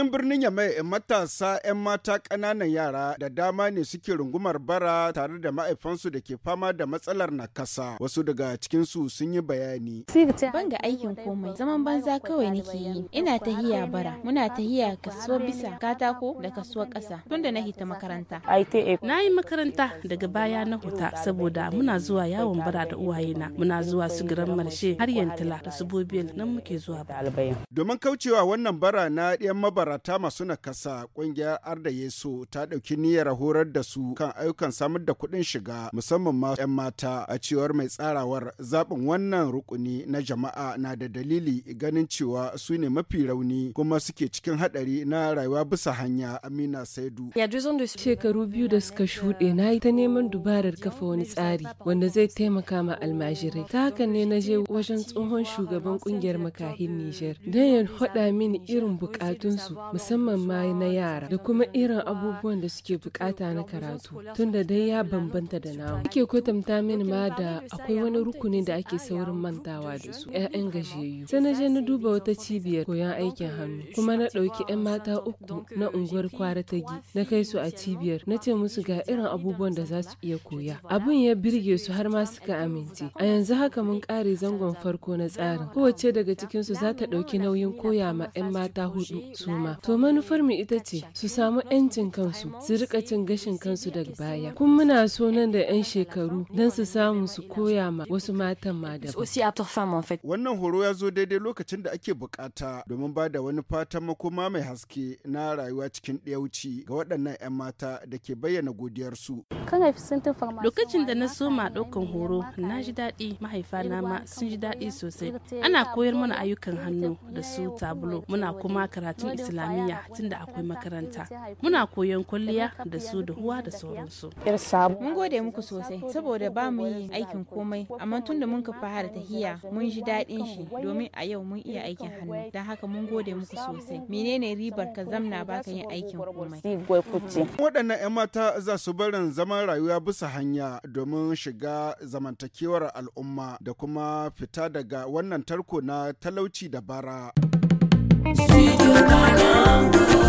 cikin birnin Yamai matasa 'yan mata ƙananan yara da dama ne suke rungumar bara tare da ma'aifansu da ke fama da matsalar nakasa. Wasu daga cikinsu sun yi bayani. Ban ga aikin komai, zaman banza kawai nake yi. Ina tahiya bara, muna tahiya kaso bisa katako da kaso ƙasa da na hita makaranta. Na yi makaranta daga baya na huta saboda muna zuwa yawon bara da uwayena, muna zuwa su giran marshe har yantila da su nan muke zuwa ba. Domin kaucewa wannan bara na ɗiyan mabara mabarata masu nakasa kungiyar Arda Yesu ta ɗauki niyyar horar da su kan ayyukan samar da kuɗin shiga musamman ma 'yan mata a cewar mai tsarawar zaɓin wannan rukuni na jama'a na da dalili ganin cewa su ne mafi rauni kuma suke cikin haɗari na rayuwa bisa hanya Amina Saidu. Shekaru biyu da suka shuɗe na yi ta neman dubarar kafa wani tsari wanda zai taimaka ma almajirai. Ta haka ne na je wajen tsohon shugaban kungiyar makahin Nijar. Don ya haɗa mini irin bukatunsu musamman ma na yara da kuma irin abubuwan da suke bukata na karatu tunda dai ya bambanta da namu ake kwatanta mini ma da akwai wani rukuni da ake saurin mantawa da su 'ya'yan gajiyayyu sai na je na duba wata cibiyar koyon aikin hannu kuma na ɗauki 'yan mata uku na unguwar kwara ta gi na kai su a cibiyar na ce musu ga irin abubuwan da za su iya koya abun ya birge su har ma suka amince a yanzu haka mun kare zangon farko na tsarin kowace daga cikinsu za ta ɗauki nauyin koya ma 'yan mata hudu su ma girma to manufar mu ita ce su samu 'yancin kansu su rika cin gashin kansu daga baya kun muna so nan da 'yan shekaru don su samu su koya ma wasu matan ma da wannan horo ya zo daidai lokacin da ake bukata domin ba da wani fatan makoma mai haske na rayuwa cikin ɗayauci ga waɗannan 'yan mata da ke bayyana godiyarsu lokacin da na soma ɗaukan horo na ji daɗi mahaifa na ma sun ji daɗi sosai ana koyar mana ayyukan hannu da su tabulo muna kuma karatun islam islamiyya tunda akwai makaranta muna koyon kwalliya da su da huwa da sauransu mun gode muku sosai saboda ba mu yi aikin komai amma tunda mun kafa har tahiya mun ji daɗin shi domin a yau mun iya aikin hannu don haka mun gode muku sosai menene ribar ka zamna ba ka yin aikin komai waɗannan 'yan mata za su barin zaman rayuwa bisa hanya domin shiga zamantakewar al'umma da kuma fita daga wannan tarko na talauci da bara. See you Studio Banango.